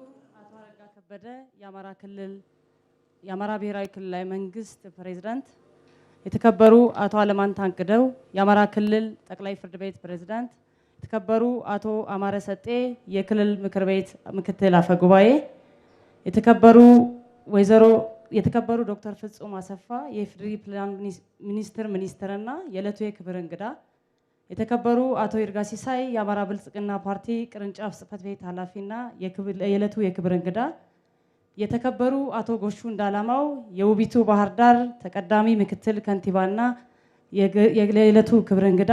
ክቡር አቶ አረጋ ከበደ የአማራ ክልል የአማራ ብሔራዊ ክልላዊ መንግስት ፕሬዝዳንት፣ የተከበሩ አቶ አለማንታ ታንቅደው የአማራ ክልል ጠቅላይ ፍርድ ቤት ፕሬዝዳንት፣ የተከበሩ አቶ አማረ ሰጤ የክልል ምክር ቤት ምክትል አፈ ጉባኤ፣ የተከበሩ ወይዘሮ የተከበሩ ዶክተር ፍጹም አሰፋ የኢፌዴሪ ፕላን ሚኒስትር ሚኒስትርና የዕለቱ የክብር እንግዳ የተከበሩ አቶ ይርጋ ሲሳይ የአማራ ብልጽግና ፓርቲ ቅርንጫፍ ጽህፈት ቤት ኃላፊና የዕለቱ የክብር እንግዳ፣ የተከበሩ አቶ ጎሹ እንዳላማው የውቢቱ ባህር ዳር ተቀዳሚ ምክትል ከንቲባና የዕለቱ ክብር እንግዳ፣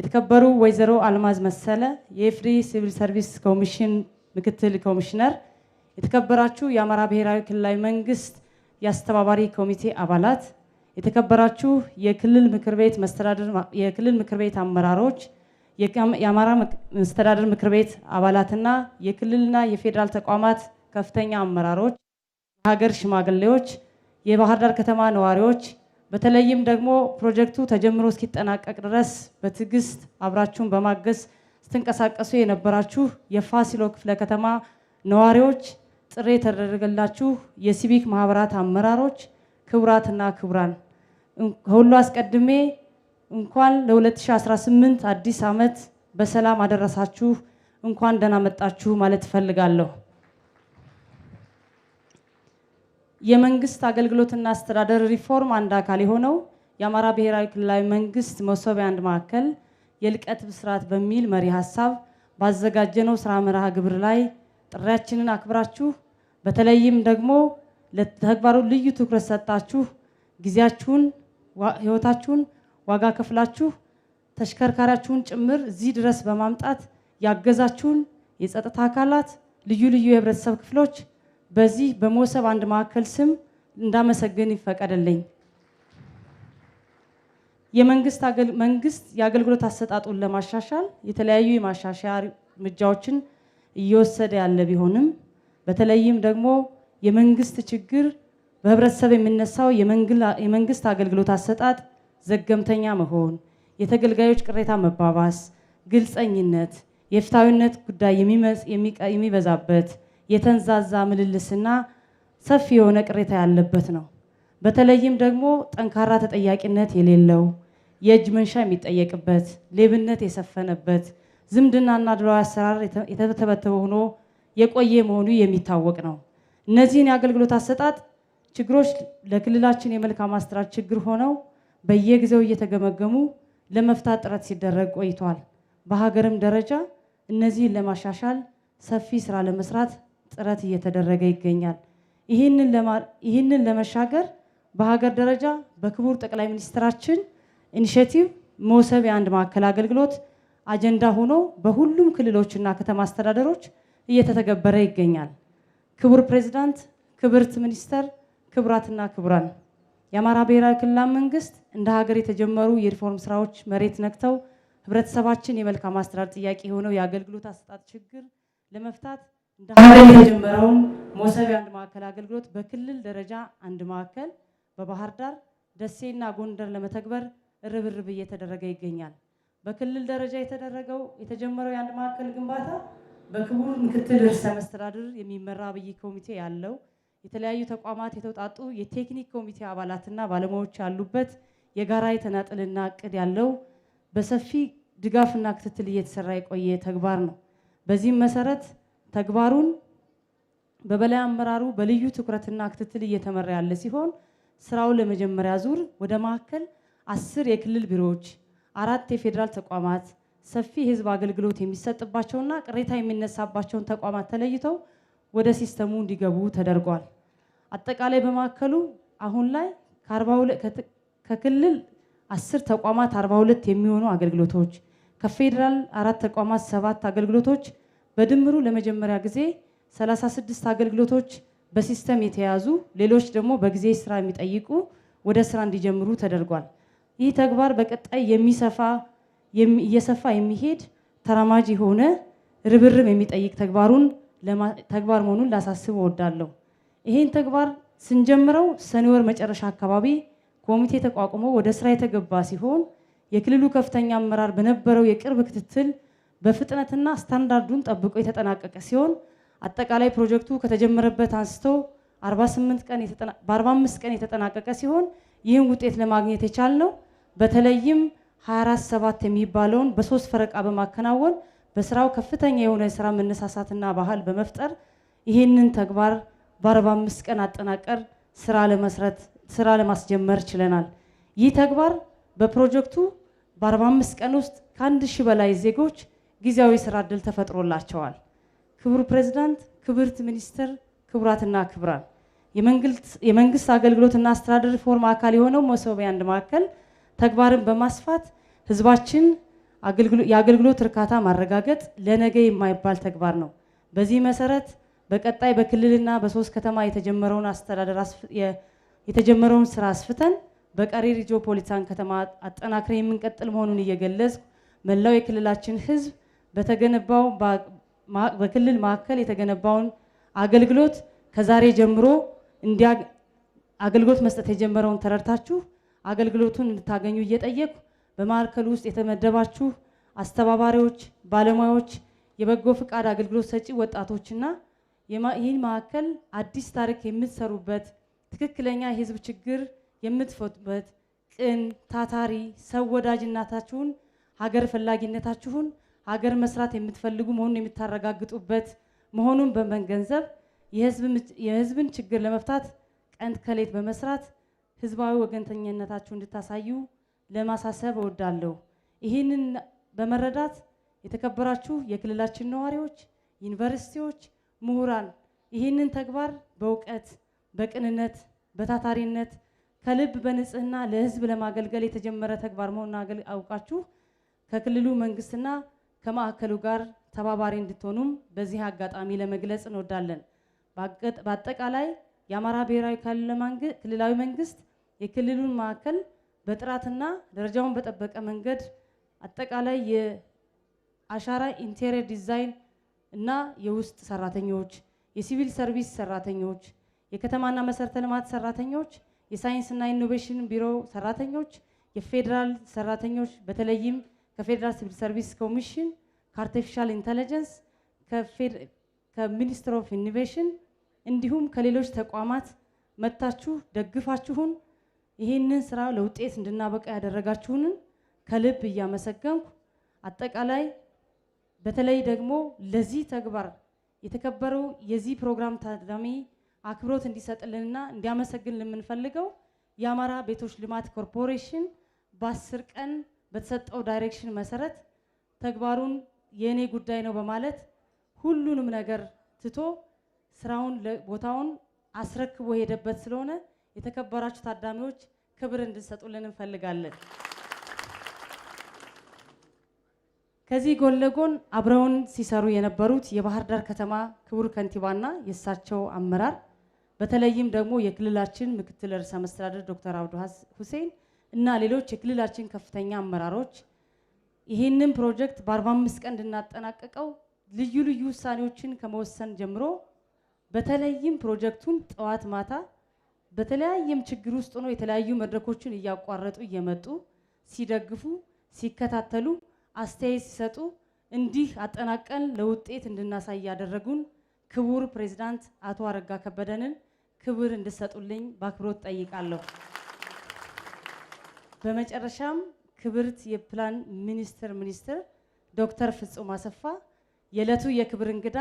የተከበሩ ወይዘሮ አልማዝ መሰለ የኤፍሪ ሲቪል ሰርቪስ ኮሚሽን ምክትል ኮሚሽነር፣ የተከበራችሁ የአማራ ብሔራዊ ክልላዊ መንግስት የአስተባባሪ ኮሚቴ አባላት የተከበራችሁ የክልል ምክር ቤት መስተዳድር የክልል ምክር ቤት አመራሮች፣ የአማራ መስተዳድር ምክር ቤት አባላትና የክልልና የፌዴራል ተቋማት ከፍተኛ አመራሮች፣ የሀገር ሽማግሌዎች፣ የባህር ዳር ከተማ ነዋሪዎች፣ በተለይም ደግሞ ፕሮጀክቱ ተጀምሮ እስኪጠናቀቅ ድረስ በትዕግስት አብራችሁን በማገዝ ስትንቀሳቀሱ የነበራችሁ የፋሲሎ ክፍለ ከተማ ነዋሪዎች፣ ጥሪ የተደረገላችሁ የሲቪክ ማህበራት አመራሮች ክቡራትና ክቡራን ከሁሉ አስቀድሜ እንኳን ለ2018 አዲስ ዓመት በሰላም አደረሳችሁ፣ እንኳን ደህና መጣችሁ ማለት እፈልጋለሁ። የመንግስት አገልግሎትና አስተዳደር ሪፎርም አንድ አካል የሆነው የአማራ ብሔራዊ ክልላዊ መንግስት መሶቢያ አንድ ማዕከል የልቀት ብስራት በሚል መሪ ሀሳብ ባዘጋጀነው ስራ መርሃ ግብር ላይ ጥሪያችንን አክብራችሁ በተለይም ደግሞ ለተግባሩ ልዩ ትኩረት ሰጣችሁ ጊዜያችሁን፣ ህይወታችሁን ዋጋ ከፍላችሁ ተሽከርካሪያችሁን ጭምር እዚህ ድረስ በማምጣት ያገዛችሁን የጸጥታ አካላት፣ ልዩ ልዩ የህብረተሰብ ክፍሎች በዚህ በሞሰብ አንድ ማዕከል ስም እንዳመሰግን ይፈቀደልኝ። መንግስት የአገልግሎት አሰጣጡን ለማሻሻል የተለያዩ የማሻሻያ እርምጃዎችን እየወሰደ ያለ ቢሆንም በተለይም ደግሞ የመንግስት ችግር በህብረተሰብ የሚነሳው የመንግስት አገልግሎት አሰጣጥ ዘገምተኛ መሆን፣ የተገልጋዮች ቅሬታ መባባስ፣ ግልፀኝነት፣ የፍታዊነት ጉዳይ የሚበዛበት የተንዛዛ ምልልስና ሰፊ የሆነ ቅሬታ ያለበት ነው። በተለይም ደግሞ ጠንካራ ተጠያቂነት የሌለው የእጅ መንሻ የሚጠየቅበት፣ ሌብነት የሰፈነበት፣ ዝምድናና ድሮ አሰራር የተተበተበ ሆኖ የቆየ መሆኑ የሚታወቅ ነው። እነዚህን የአገልግሎት አሰጣጥ ችግሮች ለክልላችን የመልካም አስተዳደር ችግር ሆነው በየጊዜው እየተገመገሙ ለመፍታት ጥረት ሲደረግ ቆይቷል። በሀገርም ደረጃ እነዚህን ለማሻሻል ሰፊ ስራ ለመስራት ጥረት እየተደረገ ይገኛል። ይህንን ለመሻገር በሀገር ደረጃ በክቡር ጠቅላይ ሚኒስትራችን ኢኒሽቲቭ መውሰብ የአንድ ማዕከል አገልግሎት አጀንዳ ሆኖ በሁሉም ክልሎችና ከተማ አስተዳደሮች እየተተገበረ ይገኛል። ክቡር ፕሬዝዳንት፣ ክብርት ሚኒስተር፣ ክቡራትና ክቡራን የአማራ ብሔራዊ ክልላዊ መንግስት እንደ ሀገር የተጀመሩ የሪፎርም ስራዎች መሬት ነክተው ህብረተሰባችን የመልካም አስተዳደር ጥያቄ የሆነው የአገልግሎት አሰጣጥ ችግር ለመፍታት እንደ ሀገር የተጀመረውን መሶብ የአንድ ማዕከል አገልግሎት በክልል ደረጃ አንድ ማዕከል በባህር ዳር፣ ደሴና ጎንደር ለመተግበር ርብርብ እየተደረገ ይገኛል። በክልል ደረጃ የተደረገው የተጀመረው የአንድ ማዕከል ግንባታ በክቡር ምክትል ርዕሰ መስተዳድር የሚመራ አብይ ኮሚቴ ያለው የተለያዩ ተቋማት የተውጣጡ የቴክኒክ ኮሚቴ አባላትና ባለሙያዎች ያሉበት የጋራ የተናጠልና እቅድ ያለው በሰፊ ድጋፍና ክትትል እየተሰራ የቆየ ተግባር ነው። በዚህም መሰረት ተግባሩን በበላይ አመራሩ በልዩ ትኩረትና ክትትል እየተመራ ያለ ሲሆን ስራውን ለመጀመሪያ ዙር ወደ ማዕከል አስር የክልል ቢሮዎች፣ አራት የፌዴራል ተቋማት ሰፊ የህዝብ አገልግሎት የሚሰጥባቸውና ቅሬታ የሚነሳባቸውን ተቋማት ተለይተው ወደ ሲስተሙ እንዲገቡ ተደርጓል። አጠቃላይ በማዕከሉ አሁን ላይ ከክልል አስር ተቋማት 42 የሚሆኑ አገልግሎቶች ከፌዴራል አራት ተቋማት ሰባት አገልግሎቶች በድምሩ ለመጀመሪያ ጊዜ 36 አገልግሎቶች በሲስተም የተያዙ ሌሎች ደግሞ በጊዜ ስራ የሚጠይቁ ወደ ስራ እንዲጀምሩ ተደርጓል። ይህ ተግባር በቀጣይ የሚሰፋ እየሰፋ የሚሄድ ተራማጅ የሆነ ርብርብ የሚጠይቅ ተግባሩን ተግባር መሆኑን ላሳስብ እወዳለሁ። ይሄን ተግባር ስንጀምረው ሰኔ ወር መጨረሻ አካባቢ ኮሚቴ ተቋቁሞ ወደ ስራ የተገባ ሲሆን የክልሉ ከፍተኛ አመራር በነበረው የቅርብ ክትትል በፍጥነትና ስታንዳርዱን ጠብቆ የተጠናቀቀ ሲሆን አጠቃላይ ፕሮጀክቱ ከተጀመረበት አንስቶ በ45 ቀን የተጠናቀቀ ሲሆን ይህን ውጤት ለማግኘት የቻልነው በተለይም 24/7 የሚባለውን በሶስት ፈረቃ በማከናወን በስራው ከፍተኛ የሆነ የስራ መነሳሳትና ባህል በመፍጠር ይህንን ተግባር በ45 ቀን አጠናቀር ስራ ለመስረት ስራ ለማስጀመር ችለናል። ይህ ተግባር በፕሮጀክቱ በ45 ቀን ውስጥ ከአንድ ሺህ በላይ ዜጎች ጊዜያዊ ስራ እድል ተፈጥሮላቸዋል። ክቡር ፕሬዝዳንት፣ ክብርት ሚኒስትር፣ ክቡራትና ክቡራን የመንግስት አገልግሎትና አስተዳደር ሪፎርም አካል የሆነው መሶቢያ አንድ ማዕከል ተግባርን በማስፋት ህዝባችን የአገልግሎት እርካታ ማረጋገጥ ለነገ የማይባል ተግባር ነው። በዚህ መሰረት በቀጣይ በክልልና በሶስት ከተማ የተጀመረውን አስተዳደር የተጀመረውን ስራ አስፍተን በቀሪ ሪጂኦፖሊታን ከተማ አጠናክረን የምንቀጥል መሆኑን እየገለጽ መላው የክልላችን ህዝብ በተገነባው በክልል ማዕከል የተገነባውን አገልግሎት ከዛሬ ጀምሮ እንዲያ አገልግሎት መስጠት የጀመረውን ተረድታችሁ አገልግሎቱን እንድታገኙ እየጠየቅኩ በማዕከሉ ውስጥ የተመደባችሁ አስተባባሪዎች፣ ባለሙያዎች፣ የበጎ ፈቃድ አገልግሎት ሰጪ ወጣቶችና ይህን ማዕከል አዲስ ታሪክ የምትሰሩበት ትክክለኛ የህዝብ ችግር የምትፈቱበት ቅን፣ ታታሪ ሰው ወዳጅነታችሁን፣ ሀገር ፈላጊነታችሁን፣ ሀገር መስራት የምትፈልጉ መሆኑን የምታረጋግጡበት መሆኑን በመገንዘብ የህዝብን ችግር ለመፍታት ቀን ከሌት በመስራት ህዝባዊ ወገንተኝነታችሁ እንድታሳዩ ለማሳሰብ እወዳለሁ። ይህንን በመረዳት የተከበራችሁ የክልላችን ነዋሪዎች፣ ዩኒቨርሲቲዎች፣ ምሁራን ይህንን ተግባር በእውቀት በቅንነት በታታሪነት ከልብ በንጽህና ለህዝብ ለማገልገል የተጀመረ ተግባር መሆኑን አውቃችሁ ከክልሉ መንግስትና ከማዕከሉ ጋር ተባባሪ እንድትሆኑም በዚህ አጋጣሚ ለመግለጽ እንወዳለን። በአጠቃላይ የአማራ ብሔራዊ ክልላዊ መንግስት የክልሉን ማዕከል በጥራትና ደረጃውን በጠበቀ መንገድ አጠቃላይ የአሻራ ኢንቴሪየር ዲዛይን እና የውስጥ ሰራተኞች፣ የሲቪል ሰርቪስ ሰራተኞች፣ የከተማና መሰረተ ልማት ሰራተኞች፣ የሳይንስና ኢኖቬሽን ቢሮ ሰራተኞች፣ የፌዴራል ሰራተኞች በተለይም ከፌዴራል ሲቪል ሰርቪስ ኮሚሽን፣ ከአርቲፊሻል ኢንተለጀንስ፣ ከሚኒስትር ኦፍ ኢኖቬሽን እንዲሁም ከሌሎች ተቋማት መጥታችሁ ደግፋችሁን ይህንን ስራ ለውጤት እንድናበቃ ያደረጋችሁንን ከልብ እያመሰገንኩ አጠቃላይ በተለይ ደግሞ ለዚህ ተግባር የተከበረው የዚህ ፕሮግራም ታዳሚ አክብሮት እንዲሰጥልንና እንዲያመሰግን የምንፈልገው የአማራ ቤቶች ልማት ኮርፖሬሽን በአስር ቀን በተሰጠው ዳይሬክሽን መሰረት ተግባሩን የእኔ ጉዳይ ነው በማለት ሁሉንም ነገር ትቶ ስራውን ቦታውን አስረክቦ ሄደበት ስለሆነ የተከበራችሁ ታዳሚዎች ክብር እንድንሰጡልን እንፈልጋለን። ከዚህ ጎን ለጎን አብረውን ሲሰሩ የነበሩት የባህር ዳር ከተማ ክቡር ከንቲባና የእሳቸው አመራር በተለይም ደግሞ የክልላችን ምክትል ርዕሰ መስተዳደር ዶክተር አብዱ ሁሴን እና ሌሎች የክልላችን ከፍተኛ አመራሮች ይህንን ፕሮጀክት በ45 ቀን እንድናጠናቀቀው ልዩ ልዩ ውሳኔዎችን ከመወሰን ጀምሮ በተለይም ፕሮጀክቱን ጠዋት ማታ በተለያየም ችግር ውስጥ ሆኖ የተለያዩ መድረኮችን እያቋረጡ እየመጡ ሲደግፉ፣ ሲከታተሉ፣ አስተያየት ሲሰጡ እንዲህ አጠናቀን ለውጤት እንድናሳይ ያደረጉን ክቡር ፕሬዝዳንት አቶ አረጋ ከበደንን ክብር እንድሰጡልኝ በአክብሮት ጠይቃለሁ። በመጨረሻም ክብርት የፕላን ሚኒስትር ሚኒስትር ዶክተር ፍጹም አሰፋ የዕለቱ የክብር እንግዳ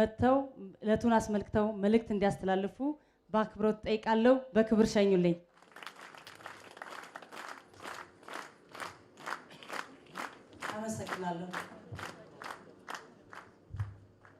መጥተው ዕለቱን አስመልክተው መልእክት እንዲያስተላልፉ በአክብሮት ጠይቃለሁ። በክብር ሸኙልኝ። አመሰግናለሁ።